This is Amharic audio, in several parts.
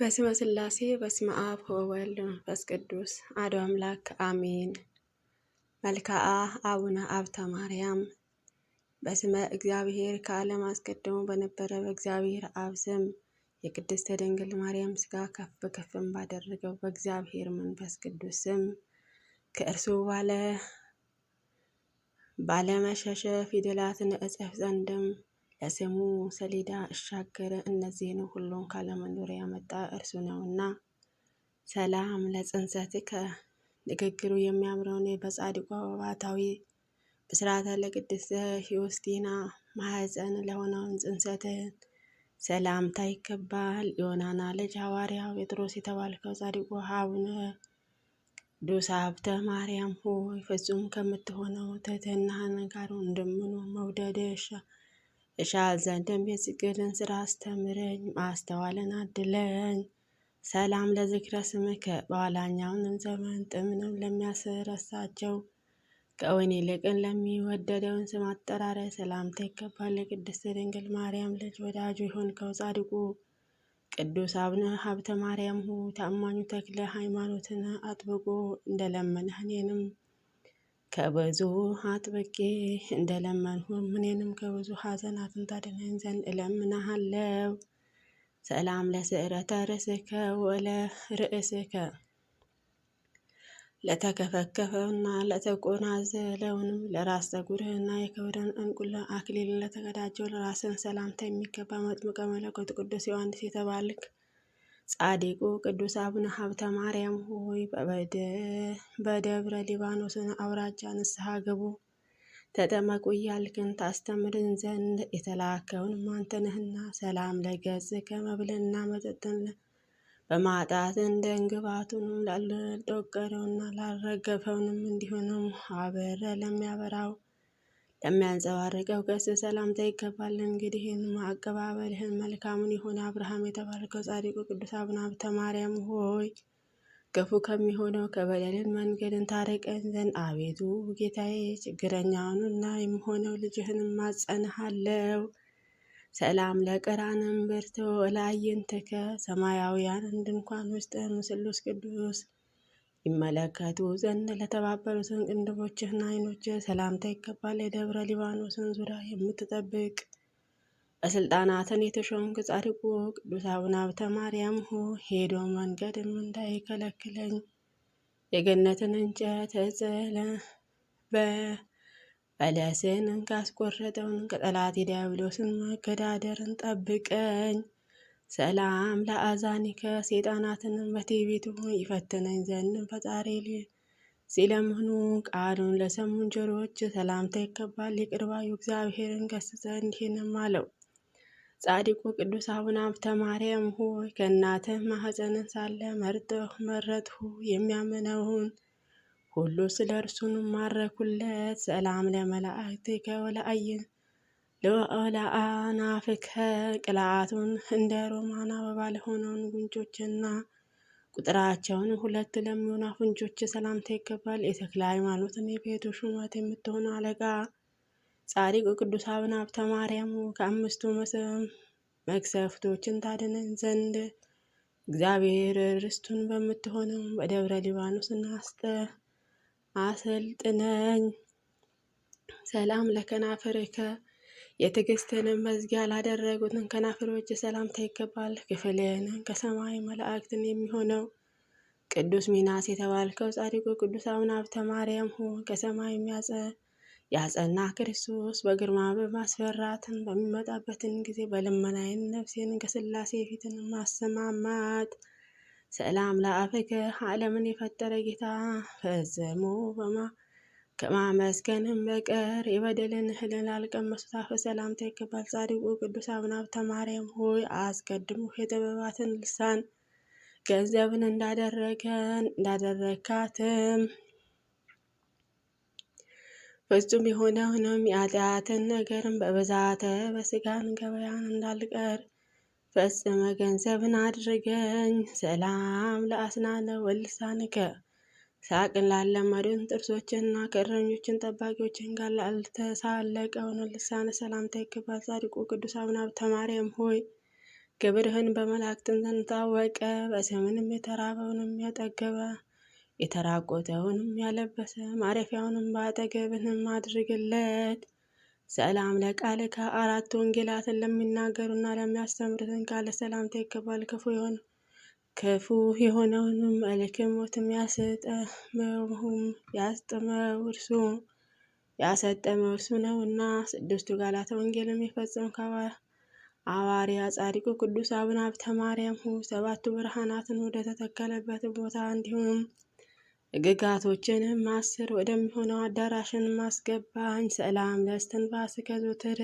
በስመ ስላሴ በስመ አብ ወወልድ መንፈስ ቅዱስ አሐዱ አምላክ አሜን። መልካአ አቡነ አብተ ማርያም በስመ እግዚአብሔር ከዓለም አስቀድሞ በነበረ በእግዚአብሔር አብ ስም የቅድስተ ድንግል ማርያም ሥጋ ከፍ ከፍም ባደረገው በእግዚአብሔር መንፈስ ቅዱስ ስም ከእርሱ ባለ ባለመሸሸ ፊደላትን እጽፍ ዘንድም ለስሙ ሰሌዳ እሻገረ እነዚህን ሁሉን ካለመኖር ያመጣ እርሱ ነውና። ሰላም ለጽንሰትከ ንግግሩ የሚያምረውን በጻድቋ ባታዊ ብስራተ ለቅድስተ ሂውስቲና ማህፀን ለሆነውን ጽንሰትህን ሰላምታ ይገባል። ዮናና ልጅ ሐዋርያው ጴጥሮስ የተባልከው ጻድቁ አቡነ ቅዱስ ሀብተ ማርያም ሆይ ፍጹም ከምትሆነው ትህትናህን ጋር ወንድምን መውደድ እሻል ዘንድም የጽግልን ስራ አስተምረኝ፣ ማስተዋልን አድለኝ። ሰላም ለዝክረ ስምከ በኋላኛውንም ዘመን ጥምንም ለሚያስረሳቸው ከወይን ይልቅን ለሚወደደውን ስም አጠራረ ሰላምታ ይገባል። ለቅድስት ድንግል ማርያም ልጅ ወዳጁ የሆንከው ጻድቁ ቅዱስ አቡነ ሀብተ ማርያም ሁ ታማኙ ተክለ ሃይማኖትን አጥብቆ እንደለመነህ እኔንም ከብዙ አጥብቄ እንደለመንሁ ምኔንም ከብዙ ሐዘናትን ታድነኝ ዘንድ እለምናሃለው። ሰላም ለስዕረተ ርእስከ ወለ ርእስከ ለተከፈከፈውና ለተጎናዘለውንም ለራስ ፀጉርህና የክብርን እንቁለ አክሊል ለተቀዳጀው ለራስን ሰላምታ የሚገባ መጥምቀ መለኮት ቅዱስ ዮሐንስ የተባልክ ጻድቁ ቅዱስ አቡነ ሀብተ ማርያም ሆይ በደብረ ሊባኖስን አውራጃ ንስሐ ግቡ ተጠመቁ እያልክን ታስተምርን ዘንድ የተላከውን ማንተነህና ሰላም ለገጽ ከመብልና መጠጥን በማጣት እንደ እንግባቱንም ላልጠቀረውና ላልረገፈውንም እንዲሆንም አበረ ለሚያበራው የሚያንጸባርቀው ገጽ ሰላምታ ይገባል። እንግዲህ ይህን አቀባበልህን መልካሙን የሆነ አብርሃም የተባረከው ጻድቁ ቅዱስ አቡነ ሀብተ ማርያም ሆይ ክፉ ከሚሆነው ከበደልን መንገድን ታርቀን ዘንድ አቤቱ ጌታዬ ችግረኛውንና የሚሆነው ልጅህን ማጸንሃለው። ሰላም ለቀራንም ላይን ተከ ሰማያውያን ድንኳን ውስጥ ምስሉስ ቅዱስ ይመለከቱ ዘንድ ለተባበሩትን ቅንድቦችህና አይኖች ሰላምታ ይገባል። የደብረ ሊባኖስን ዙሪያ የምትጠብቅ በስልጣናትን የተሾምክ ጻድቁ ቅዱስ አቡነ ሀብተ ማርያም ሆ ሄዶ መንገድም እንዳይከለክለኝ የገነትን እንጨት እጽለ በለስን ካስቆረጠውን ከጠላት የዲያብሎስን መገዳደርን ጠብቀኝ። ሰላም ለአዛኒከ ሴጣናትን በትዕቢቱ ይፈትነኝ ዘንድ ፈጣሪ ሲለምኑ ቃሉን ለሰሙን ጆሮዎች ሰላምታ ይከባል። ይቅርባዩ እግዚአብሔርን ገስ እንዲህንም አለው። ጻድቁ ቅዱስ አቡነ አብተ ማርያም ሆይ ከእናትህ ማኅፀን ሳለ መርጠህ መረጥሁ የሚያምነውን ሁሉ ስለ እርሱን ማረኩለት። ሰላም ለመላእክት ከወላአይን ልዑለ አናፍከ ቅልዓቱን እንደ ሮማን አበባ ለሆነውን ጉንጮችና ቁጥራቸውን ሁለት ለሚሆኑ አፍንጮች ሰላምታ ይገባል። የተክለ ሃይማኖትን የቤቱ ሹመት የምትሆኑ አለቃ ጻድቁ ቅዱስ አቡነ ሀብተ ማርያም ከአምስቱ መቅሰፍቶችን ታድነን ዘንድ እግዚአብሔር ርስቱን በምትሆነው በደብረ ሊባኖስ እናስተ አሰልጥነኝ። ሰላም ለከናፍርከ የትዕግስትንም መዝጊያ ላደረጉትን ከናፍሮች ሰላምታ ይገባል። ክፍልን ከሰማይ መላእክትን የሚሆነው ቅዱስ ሚናስ የተባልከው ጻድቁ ቅዱስ አቡነ ሀብተ ማርያም ሆ ከሰማይ የሚያጸ ያጸና ክርስቶስ በግርማ በማስፈራትን በሚመጣበትን ጊዜ በልመናይን ነፍሴን ከስላሴ ፊትን ማሰማማት ሰላም ለአፈከ ዓለምን የፈጠረ ጌታ ፈጽሞ በማ ከማመስገንም በቀር የበደልን እህልን ላልቀመሱት አፈ ሰላምታ ይገባል። ጻድቁ ቅዱስ አቡነ ሀብተ ማርያም ሆይ አስቀድሞ የጥበባትን ልሳን ገንዘብን እንዳደረገን እንዳደረካትም ፍጹም የሆነውንም የአጢአትን ነገርም በብዛተ በስጋን ገበያን እንዳልቀር ፈጽመ ገንዘብን አድርገኝ። ሰላም ለአስናነ ወልሳንከ ሳቅን ላለመዱን ጥርሶችንና ከእረኞችን ጠባቂዎችን ጋር ላልተሳለቀውን ልሳነ ሰላምታ ይገባል። ጻድቁ ቅዱስ አቡነ ሀብተ ማርያም ሆይ ግብርህን በመላእክትን ዘንድ ታወቀ። በስምንም የተራበውንም ያጠገበ የተራቆተውንም ያለበሰ ማረፊያውንም በአጠገብንም አድርግለት። ሰላም ለቃልከ አራት ወንጌላትን ለሚናገሩና ለሚያስተምሩትን ቃለ ሰላምታ ይገባል። ክፉ የሆነ ክፉ የሆነውን መልክ ሞትም ያሰጠመውም ያስጠመው እርሱ ያሰጠመው እርሱ እና ስድስቱ ቃላተ ወንጌልም የፈጸም ሐዋርያ ጻድቁ ቅዱስ አቡነ ሀብተ ማርያም ሁ ሰባቱ ብርሃናትን ወደ ተተከለበት ቦታ እንዲሁም ሕግጋቶችንም አስር ወደሚሆነው አዳራሽን ማስገባኝ ሰላም ለእስትንፋስ ከዞትር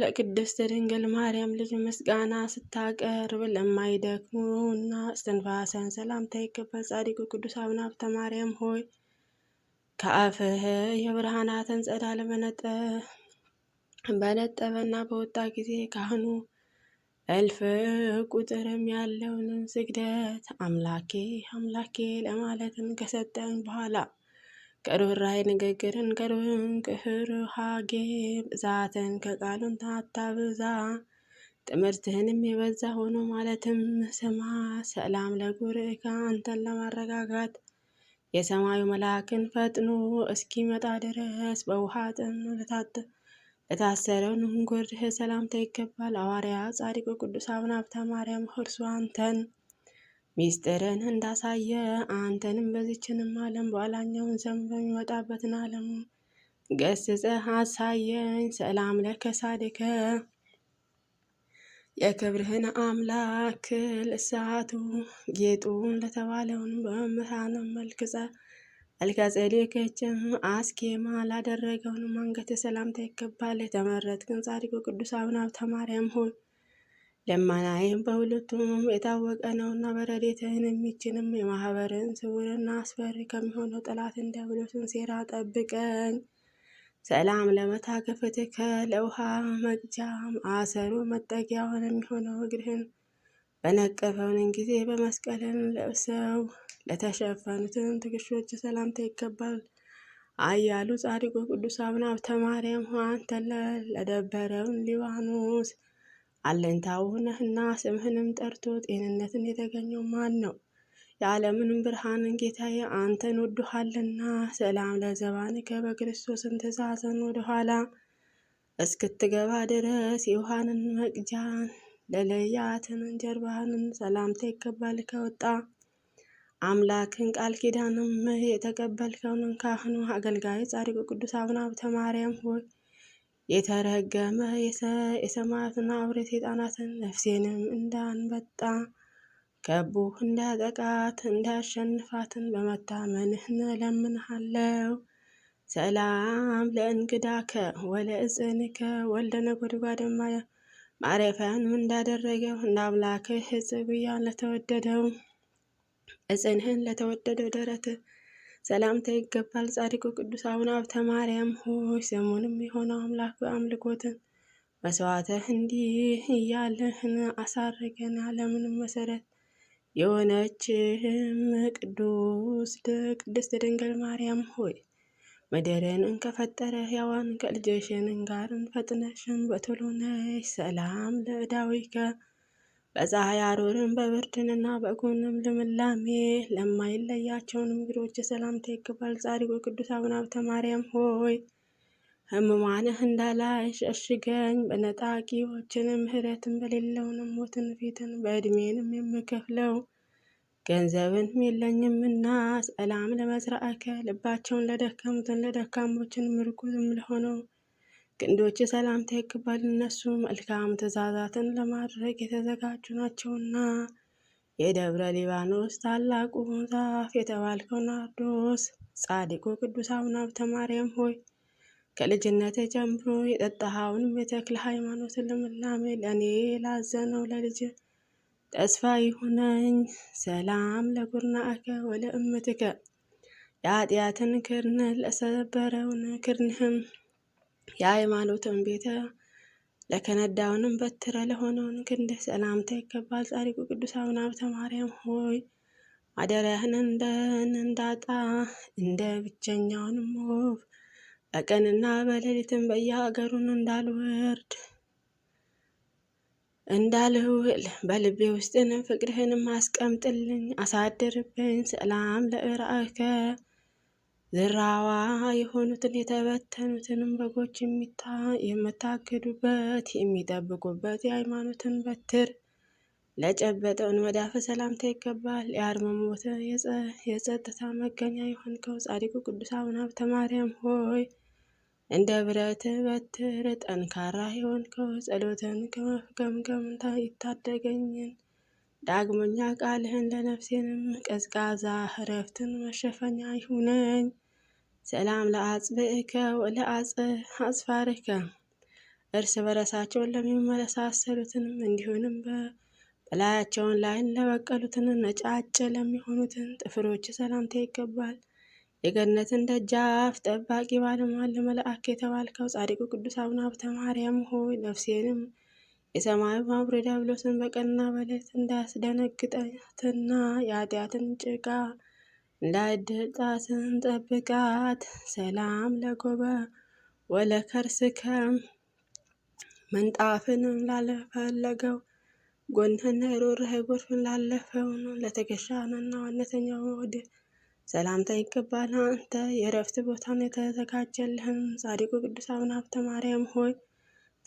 ለቅድስት ድንግል ማርያም ልጅ ምስጋና ስታቀርብ ለማይደክሙና እስትንፋሰን ሰላምታ ይገባል። ጻድቁ ቅዱስ አቡነ ሀብተ ማርያም ሆይ ከአፍህ የብርሃናትን ጸዳል በነጠበና በወጣ ጊዜ ካህኑ እልፍ ቁጥርም ያለውን ስግደት አምላኬ አምላኬ ለማለትን ከሰጠን በኋላ ከርኅራኄ ንግግርን ቅርብን ከርኅራኄ ብዛትን ከቃሉን ብዛ ትምህርትህንም የበዛ ሆኖ ማለትም ስማ ሰላም ለጉርዕካ አንተን ለማረጋጋት የሰማዩ መልአክን ፈጥኖ እስኪመጣ ድረስ በውሃ ጥም ለታሰረው ንጉርህ ሰላምታ ይገባል። አዋርያ ጻድቁ ቅዱስ አቡነ ሀብተ ማርያም እርሱ አንተን ሚስጥርን እንዳሳየ አንተንም በዚችንም ዓለም በኋላኛውን ዘመን በሚመጣበትን ዓለም ገስጸ አሳየኝ። ሰላም ለከ ጻድከ የክብርህን አምላክ ልሳቱ እሳቱ ጌጡን ለተባለውን በመምህራን መልክጸ መልከጼዴክችም አስኬማ ላደረገውን አንገትህ ሰላምታ ይገባል። የተመረጥክን ጻድቁ ቅዱስ አቡነ ሀብተ ማርያም ሆይ ለማናይም በሁለቱም የታወቀ ነውና በረዴትህን የሚችንም የማህበርን ስውርና አስፈሪ ከሚሆነው ጠላት እንዲያብሎትን ሴራ ጠብቀን። ሰላም ለመታገፍትከ ለውሃ መቅጃ አሰሩ መጠጊያውን የሚሆነው እግርህን በነቀፈውን ጊዜ በመስቀልን ለብሰው ለተሸፈኑትን ትከሻዎች ሰላምታ ይገባል። አያሉ ጻድቁ ቅዱስ አቡነ ሀብተ ማርያም ሆይ ለደበረውን ሊባኖስ አለኝታው ነህና ስምህንም ጠርቶ ጤንነትን የተገኘው ማን ነው? የዓለምንም ብርሃንን ጌታዬ አንተን ወዱሃልና ሰላም ለዘባንከ በክርስቶስን ትእዛዝን ወደኋላ እስክትገባ ድረስ የውሃንን መቅጃን ለለያትንን ጀርባህንን ሰላምታ ይገባል ከወጣ አምላክን ቃል ኪዳንም የተቀበልከውን ካህኑ አገልጋይ ጻድቁ ቅዱስ አቡነ ሀብተ ማርያም ሆይ የተረገመ የሰማያትን አውሬት የጣናትን ነፍሴንም እንዳንበጣ ከቡ እንዳጠቃት እንዳያሸንፋትን በመታመንህን እለምንሃለው። ሰላም ለእንግዳከ ወለ እጽንከ ወልደ ነጎድጓድ ማረፊያንም እንዳደረገው እንደ አምላክህ እጽ ብያን ለተወደደው እጽንህን ለተወደደው ደረት ሰላምታ ይገባል። ጻድቁ ቅዱስ አቡነ ሀብተ ማርያም ሆይ ስሙንም የሆነው አምላክ በአምልኮትን መስዋዕትህ እንዲህ እያልህን አሳረገን። ዓለምንም መሰረት የሆነችህም ቅዱስ ቅድስት ድንግል ማርያም ሆይ ምድርንን ከፈጠረ ሕያዋን ከልጅሽን ጋርን ፈጥነሽን በቶሎ ነሽ። ሰላም ለእዳዊከ በፀሐይ አሮርን በብርድንና በጎንም ልምላሜ ለማይለያቸውን እንግዶች ሰላምታ ይገባል። ጻድቁ ቅዱስ አቡነ ሀብተ ማርያም ሆይ ሕሙማንህ እንዳላይ ሸሽገኝ፣ በነጣቂዎችንም ምሕረትን በሌለውንም ሞትን ፊትን በእድሜንም የምከፍለው ገንዘብን የለኝምና ሰላም ለመዝራእከ ልባቸውን ለደከሙትን ለደካሞችን ምርኩዝም ለሆነው ክንዶች ሰላምታ ይገባል እነሱ መልካም ትእዛዛትን ለማድረግ የተዘጋጁ ናቸውና። የደብረ ሊባኖስ ታላቁ ዛፍ የተባልከው ናርዶስ ጻድቁ ቅዱስ አቡነ ሀብተ ማርያም ሆይ ከልጅነት ጀምሮ የጠጣኸውን የተክለ ሃይማኖት ልምላሜ ለእኔ ላዘነው ለልጅ ተስፋ ይሁነኝ። ሰላም ለጉርናእከ ወለእምትከ የኃጢአትን ክርን ለሰበረውን ክርንህም የሃይማኖትን ቤተ ለከነዳውንም በትረ ለሆነውን ክንድ ሰላምታ ይገባል። ጻድቁ ቅዱስ አቡነ ሀብተ ማርያም ሆይ አደራህን እንደን እንዳጣ እንደ ብቸኛውንም ወፍ በቀንና በሌሊትም በየሀገሩን እንዳልወርድ እንዳልውል በልቤ ውስጥንም ፍቅርህንም አስቀምጥልኝ አሳድርብኝ። ሰላም ለእራእከ ዝራዋ የሆኑትን የተበተኑትንም በጎች የምታግዱበት የሚጠብቁበት የሃይማኖትን በትር ለጨበጠውን መዳፈ ሰላምታ ይገባል። የአርመሞት የጸጥታ መገኛ የሆንከው ጻድቁ ቅዱስ አቡነ ሀብተ ማርያም ሆይ እንደ ብረት በትር ጠንካራ የሆንከው ጸሎትን ከመፍገምገምታ ይታደገኝን ዳግመኛ ቃልህን ለነፍሴንም ቀዝቃዛ እረፍትን መሸፈኛ ይሁነኝ። ሰላም ለአጽብእከ አጽፋርከ እርስ በረሳቸውን ለሚመለሳሰሉትንም እንዲሁንም በላያቸውን ላይን ለበቀሉትን ነጫጭ ለሚሆኑትን ጥፍሮች ሰላምታ ይገባል። የገነትን ደጃፍ ጠባቂ ባለሟል መልአክ የተባልከው ጻድቁ ቅዱስ አቡነ ሀብተ ማርያም ሆይ ነፍሴንም የሰማዩ ማብሮ ዲያብሎስን በቀንና በሌት እንዳስደነግጣትና የኃጢአትን ጭቃ እንዳይደጣትን ጠብቃት። ሰላም ለጎበ ወለከርስከ መንጣፍን ላለፈለገው ጎንህና የሮርህ ጎርፍን ላለፈው ለተገሻንና ዋነተኛው ወደ ሰላምታ ይገባል። አንተ የእረፍት ቦታን የተዘጋጀልህም ጻድቁ ቅዱስ አቡነ ሀብተ ማርያም ሆይ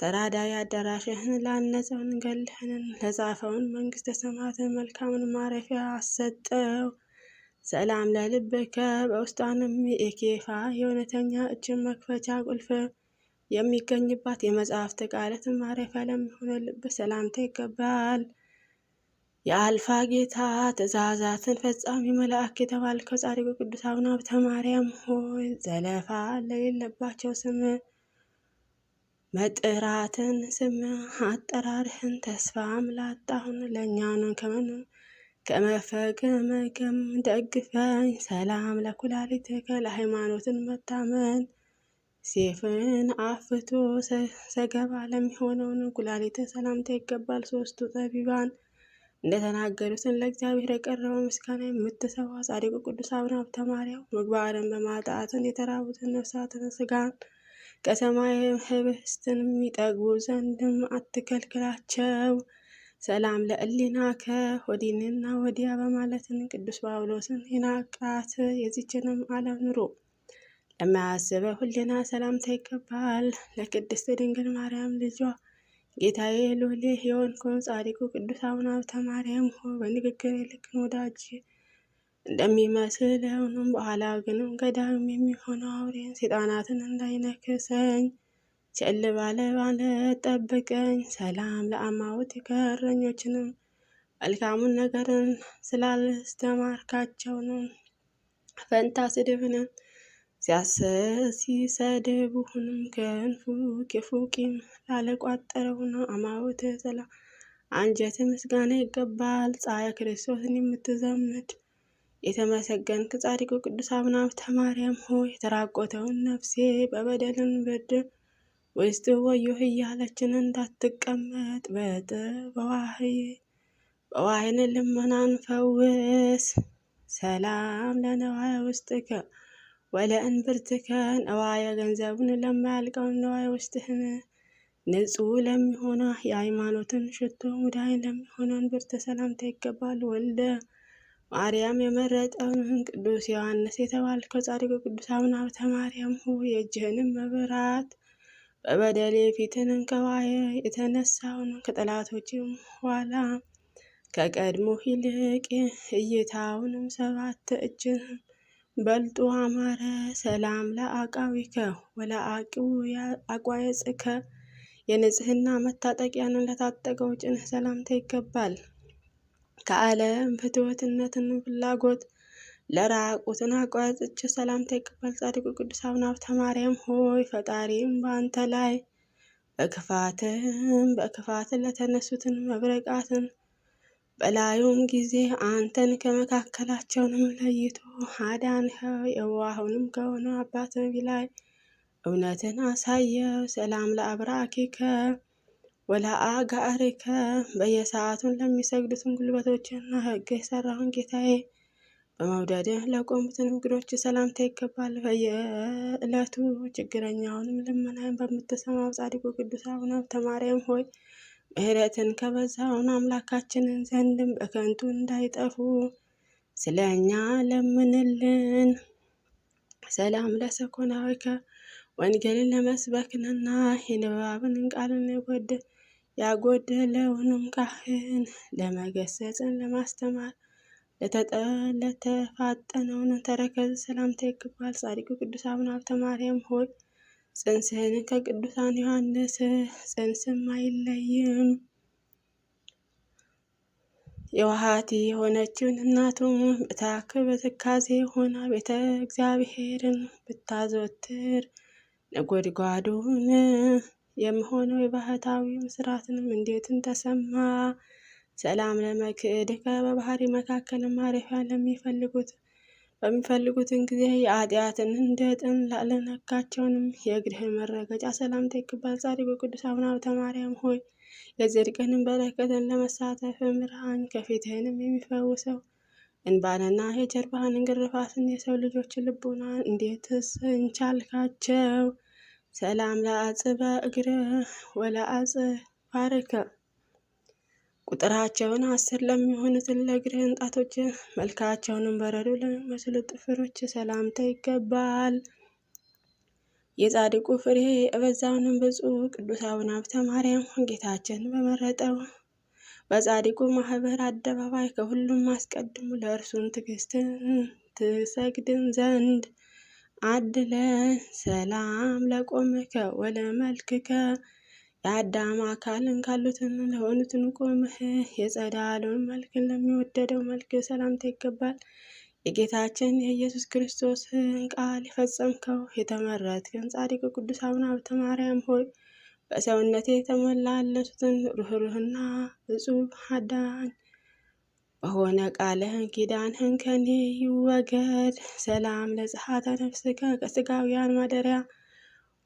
ተራዳኢ አዳራሽህን ላነጸው ገድልህን ለጻፈውን መንግስተ ሰማያትን መልካምን ማረፊያ አሰጠው። ሰላም ለልብከ በውስጣንም የኬፋ የእውነተኛ እጅን መክፈቻ ቁልፍ የሚገኝባት የመጽሐፍት ቃላትን ማረፊያ ለሚሆነ ልብ ሰላምታ ይገባል። የአልፋ ጌታ ትእዛዛትን ፈጻሚ መልአክ የተባልከው ጻድቁ ቅዱስ አቡነ ሀብተ ማርያም ሆይ ዘለፋ ለሌለባቸው ስም መጥራትን ስም አጠራርህን ተስፋ ምላጣሁን ለእኛንን ከመኑ ከመፈገመገም ደግፈኝ ሰላም ለኩላሊት ከለሃይማኖትን መታመን ሴፍን አፍቶ ሰገባ ለሚሆነውን ኩላሊት ሰላምታ ይገባል። ሶስቱ ጠቢባን እንደተናገሩትን ለእግዚአብሔር የቀረበው ምስጋና የምትሰዋ ጻድቁ ቅዱስ አቡነ ሀብተ ማርያም ምግባርን በማጣትን የተራቡትን ነፍሳትን ስጋን ከሰማይ ህብስትን የሚጠግቡ ዘንድም አትከልክላቸው። ሰላም ከ ወዲንና ወዲያ በማለትን ቅዱስ ጳውሎስን ይናቃት የዚችንም ዓለም ኑሮ ለማያስበ ሁሌና ሰላምታ ይገባል። ለቅድስት ድንግል ማርያም ልጇ ጌታዬ ሎሌ የሆንከውን ጻድቁ ቅዱስ አቡነ ሀብተ ማርያም በንግግር ልክን ወዳጅ እንደሚመስል አሁንም በኋላ ግንም ገዳም የሚሆነው አውሬን ሴጣናትን እንዳይነክሰኝ ቸል ባለ ባለ ጠብቀኝ። ሰላም ለአማውት የከረኞችንም መልካሙን ነገርን ስላልስተማርካቸው ነው። ፈንታ ስድብንም ሲሰድቡህንም ከንፉ ክፉ ቂም ላለቋጠረው ነው አማውት ሰላም አንጀት ምስጋና ይገባል። ፀሐይ ክርስቶስን የምትዘምድ የተመሰገንክ ጻድቁ ቅዱስ አቡነ ሐብተ ማርያም ሆይ የተራቆተውን ነፍሴ በበደልን ብድር ውስጥ ወዮህ እያለችን እንዳትቀመጥ በጥበዋህ በዋህን ልመናን ፈውስ። ሰላም ለነዋይ ውስጥከ ወለእንብርትከ ነዋየ ገንዘቡን ለማያልቀው ነዋይ ውስጥህን ንጹሕ ለሚሆነ የሃይማኖትን ሽቶ ሙዳይን ለሚሆነ እንብርት ሰላምታ ይገባል ወልደ ማርያም የመረጠውን ቅዱስ ዮሐንስ የተባልከው ጻድቁ ቅዱስ አቡነ ሀብተ ማርያም ሆይ የእጅህንም መብራት በበደሌ ፊትን እንከዋየ የተነሳውን ከጠላቶችም ኋላ ከቀድሞ ይልቅ እይታውንም ሰባት እጅን በልጦ አማረ። ሰላም ለአቃዊከ ወለአቋየጽከ የንጽህና መታጠቂያንን ለታጠቀው ጭንህ ሰላምታ ይገባል። ከዓለም ፍትወትነትን ፍላጎት ለራቁት አቋጥቼ ሰላምታ ይቀበል ጻድቁ ቅዱስ አቡነ ሀብተ ማርያም ሆይ ፈጣሪም በአንተ ላይ በክፋትም በክፋት ለተነሱትን መብረቃትን በላዩም ጊዜ አንተን ከመካከላቸውንም ለይቶ አዳንኸው። የዋሁንም ከሆነ አባት ነቢ ላይ እውነትን አሳየው። ሰላም ለአብራኪከ ወላ ጋአሪከ በየሰዓቱን ለሚሰግዱትን ጉልበቶችና ህግ የሰራውን ጌታዬ በመውደድ ለቆሙትን እንግዶች ሰላምታ ይገባል። በየዕለቱ ችግረኛውንም ልመናን በምትሰማው ጻድቁ ቅዱስ አቡነ ሐብተ ማርያም ሆይ ምሕረትን ከበዛውን አምላካችንን ዘንድም በከንቱ እንዳይጠፉ ስለ እኛ ለምንልን። ሰላም ለሰኮናዊከ ወንጌልን ለመስበክንና የንባብን ቃልን የጎደ ያጎደለውንም ካህን ለመገሰጽን ለማስተማር ለተፋጠነውን ተረከዝ ሰላምታ ይገባል። ጻድቁ ቅዱስ አቡነ ሀብተ ማርያም ሆይ ጽንስህን ከቅዱሳን ዮሐንስ ጽንስም አይለይም። የዋሃቲ የሆነችውን እናቱም በታክ በትካዜ ሆና ቤተ እግዚአብሔርን ብታዘወትር ነጎድጓዱን የምሆነው የባህታዊ ምስራትንም እንዴትን ተሰማ ሰላም ለመክድከ በባህሪ መካከል ማረፊያ ለሚፈልጉት በሚፈልጉትን ጊዜ የአጢአትን እንደ ጥን ላለነካቸውንም የእግርህን መረገጫ ሰላምታ ይገባል። ጻድቁ ቅዱስ አቡነ ሐብተ ማርያም ሆይ የጽድቅንም በረከትን ለመሳተፍ ምርሃን ከፊትህንም የሚፈውሰው እንባንና የጀርባህን እንግርፋትን የሰው ልጆች ልቡና እንዴትስ እንቻልካቸው? ሰላም ለአጽበ እግረ ወለአጽ ባርከ ቁጥራቸውን አስር ለሚሆኑት ለእግርህ እንጣቶች መልካቸውንም በረዶ ለሚመስሉ ጥፍሮች ሰላምታ ይገባል። የጻድቁ ፍሬ የበዛውንም ብፁዕ ቅዱስ አቡነ ሀብተ ማርያም ጌታችን በመረጠው በጻድቁ ማህበር አደባባይ ከሁሉም አስቀድሞ ለእርሱን ትግስትን ትሰግድን ዘንድ አድለ ሰላም ለቆምከ ወለመልክከ የአዳም አካልን ካሉትን ለሆኑትን ቆምህ የጸዳሉን መልክን ለሚወደደው መልክ ሰላምታ ይገባል። የጌታችን የኢየሱስ ክርስቶስን ቃል የፈጸምከው የተመረጥክን ጻድቅ ቅዱስ አቡነ ሀብተ ማርያም ሆይ በሰውነቴ የተሞላለሱትን ርኅሩህና እጹብ አዳኝ በሆነ ቃልህን ኪዳንህን ከኔ ይወገድ። ሰላም ለጸሐተ ነፍስከ ከስጋውያን ማደሪያ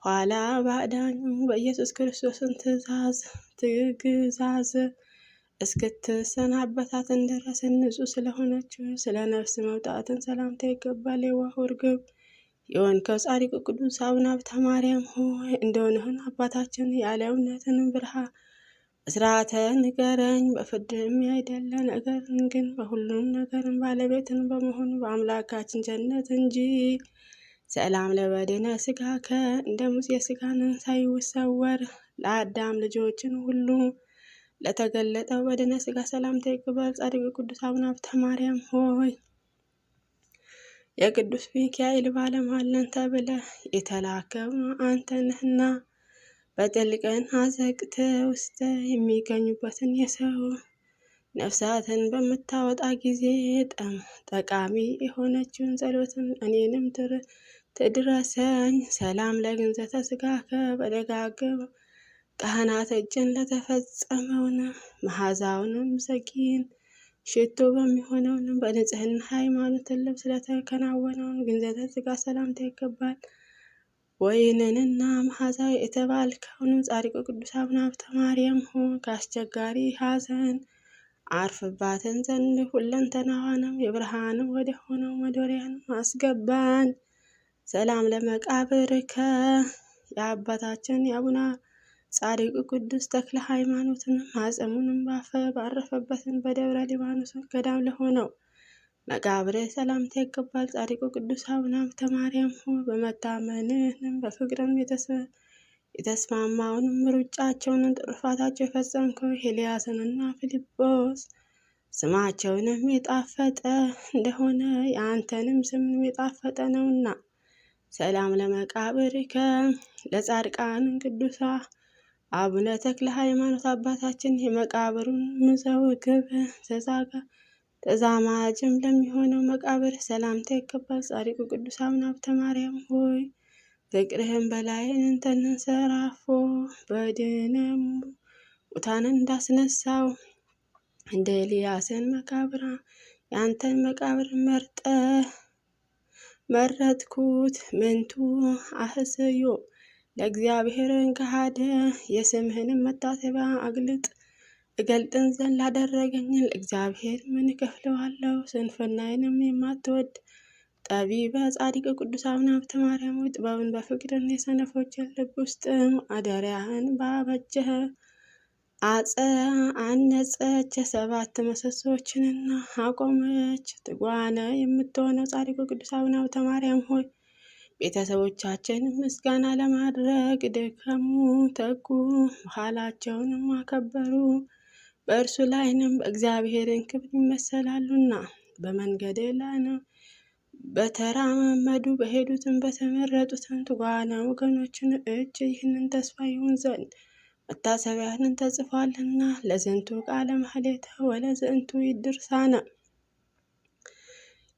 ኋላ ባዕዳኙ በኢየሱስ ክርስቶስን ትእዛዝ ትግዛዝ እስክትሰናበታትን ድረስ ንጹህ ስለሆነችው ስለ ነፍስ መውጣትን ሰላምታ ይገባል። የዋህ እርግብ የሆንከው ጻድቁ ቅዱስ አቡነ ሀብተ ማርያም ሆይ እንደሆነህን አባታችን ያለ እውነትንም ብርሃን ስርዓተ ንገረኝ በፍርድም ያይደለ ነገርን ግን በሁሉም ነገርን ባለቤትን በመሆኑ በአምላካችን ጀነት እንጂ ሰላም ለበድነ ስጋከ እንደ ሙሴ ስጋንን ሳይወሰወር ለአዳም ልጆችን ሁሉ ለተገለጠው በድነ ስጋ ሰላምታ ይግባል። ጻድቅ ቅዱስ አቡነ ሀብተ ማርያም ሆይ የቅዱስ ሚካኤል ባለሟለን ተብለ የተላከው አንተ ነህና በጥልቅን አዘቅት ውስጥ የሚገኙበትን የሰው ነፍሳትን በምታወጣ ጊዜ ጠቃሚ የሆነችውን ጸሎትን እኔንም ትድረሰኝ። ሰላም ለግንዘተ ስጋከ በደጋግ ካህናት እጅን ለተፈጸመውን መዓዛውንም ሽቶ በሚሆነውን በንጽህና ሃይማኖትን ልብስ ለተከናወነውን ግንዘተ ስጋ ሰላምታ ይገባል። ወይንንና መሐዛዊ የተባልክ አሁንም ጻድቁ ቅዱስ አቡነ ሀብተ ማርያም ሆይ ከአስቸጋሪ ሐዘን አርፍባትን ዘንድ ሁለንተናዋንም የብርሃንም ወደ ሆነው መዶሪያን አስገባን። ሰላም ለመቃብርከ የአባታችን የአቡነ ጻድቁ ቅዱስ ተክለ ሃይማኖትን አጽሙንም ባፈ ባረፈበትን በደብረ ሊባኖስ ገዳም ለሆነው መቃብር ሰላምታ ይገባል። ጻድቁ ቅዱስ አቡነ ሀብተ ማርያም ሆ በመታመንህም በፍቅርም የተስማማውንም ሩጫቸውንም ጥሩፋታቸው የፈጸምከው ኤልያስንና ፊልጶስ ስማቸውንም የጣፈጠ እንደሆነ የአንተንም ስምንም የጣፈጠ ነውና ሰላም ለመቃብርከ ለጻድቃን ቅዱሳ አቡነ ተክለ ሃይማኖት አባታችን የመቃብሩን ምዘው ግብ ተዛማጅም ለሚሆነው መቃብር ሰላምታ ይገባል። ጻድቁ ቅዱስ አቡነ ሀብተ ማርያም ሆይ ፍቅርህን በላይ እንተንሰራፎ በድንም ሙታንን እንዳስነሳው እንደ ኤልያስን መቃብር ያንተን መቃብር መርጠ መረጥኩት ምንቱ አህስዮ ለእግዚአብሔርን ከሃደ የስምህንም መታሰቢያ አግልጥ እገልጥን ዘንድ ላደረገኝን እግዚአብሔር ምን እከፍለዋለሁ? ስንፍናዬንም የማትወድ ጠቢበ ጻድቅ ቅዱስ አቡነ ሀብተ ማርያም ሆይ ጥበብን በፍቅርን የሰነፎችን ልብ ውስጥም አደሪያህን ባበጀህ አጸ አነጸች የሰባት ምሰሶችንና አቆመች። ትጓነ የምትሆነው ጻድቁ ቅዱስ አቡነ ሀብተ ማርያም ሆይ ቤተሰቦቻችን ምስጋና ለማድረግ ደከሙ፣ ተጉ፣ ኋላቸውንም አከበሩ። በእርሱ ላይንም እግዚአብሔርን ክብር ይመሰላሉና በመንገዴ ላይንም በተራመዱ በሄዱትን በተመረጡትን ትጉሃን ወገኖችን እጅ ይህንን ተስፋ ይሁን ዘንድ መታሰቢያህንን ተጽፏልና ለዝንቱ ቃለ ማህሌተ ወለዝንቱ ይድርሳነ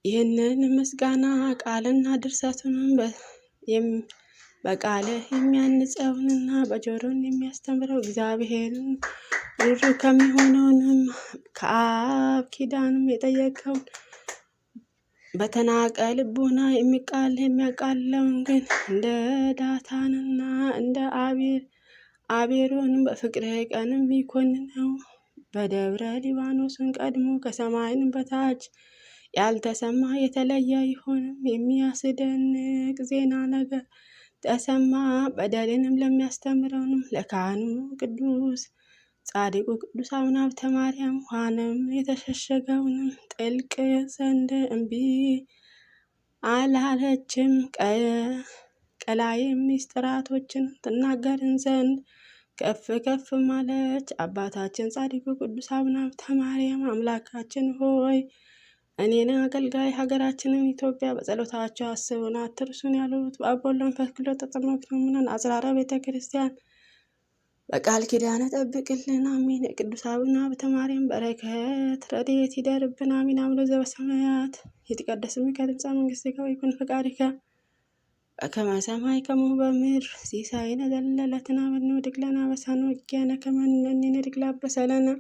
ይህንን ምስጋና ቃልና ድርሰቱንም በቃልህ የሚያንጸውንና በጆሮን የሚያስተምረው እግዚአብሔርን ሩሩ ከሚሆነውንም ከአብ ኪዳንም የጠየቀውን በተናቀ ልቡና የሚቃል የሚያቃለውን ግን እንደ ዳታንና እንደ አቤር አቤሮን በፍቅረ ቀንም ይኮንነው በደብረ ሊባኖስን ቀድሞ ከሰማይን በታች ያልተሰማ የተለየ ይሆንም የሚያስደንቅ ዜና ነገር ተሰማ በደልንም ለሚያስተምረውንም ለካህኑ ቅዱስ ጻድቁ ቅዱስ አቡነ ሀብተ ማርያም ውሃንም የተሸሸገውንም ጥልቅ ዘንድ እምቢ አላለችም። ቀላይ ሚስጥራቶችን ትናገርን ዘንድ ከፍ ከፍ ማለች። አባታችን ጻድቁ ቅዱስ አቡነ ሀብተ ማርያም አምላካችን ሆይ እኔን አገልጋይ ሀገራችንን ኢትዮጵያ በጸሎታቸው አስቡን አትርሱን ያሉት በአቦሎን ፈክሎ ተጠመቅቶ ምንን አጽራረ ቤተ ክርስቲያን በቃል ኪዳነ ጠብቅልን አሚን። የቅዱስ አቡና ሀብተማርያም በረከት ረድኤት ይደርብን አሚን። አምሎ ዘበሰማያት ይትቀደስ ስምከ መንግስት መንግሥትከ ይኩን ፈቃድከ በከመ በሰማይ ከሙ በምድር ሲሳይነ ዘለለዕለትነ ሀበነ ወኅድግ ለነ አበሳነ ወጌነ ድግላ ንሕነኒ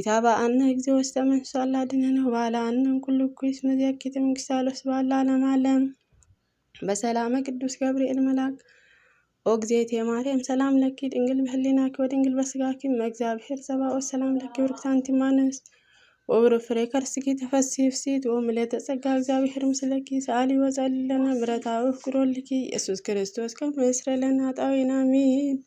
ኢታብአነ እግዚኦ ውስተ መንሱት አላድነነ ባለ አነን ኩሉ ኩይስ መዚያኪት መንግስት አለስ ባላ ዓለም ዓለም በሰላመ ቅዱስ ገብርኤል መልአክ ኦ እግዝእት የማርያም ሰላም ለኪ ድንግል በህሊናኪ ወድንግል በስጋኪ መእግዚአብሔር ሰባኦት ሰላም ለኪ ብርክት አንቲ እማንስ ወብሩ ፍሬ ከርስኪ ተፈሲ ፍሲት ወምልዕተ ጸጋ እግዚአብሔር ምስለኪ ሰአሊ ወጸልለነ ምሕረታዊ ፍቅሮልኪ ኢየሱስ ክርስቶስ ከመ እስረ ለነ ኃጣውኢነ አሜን።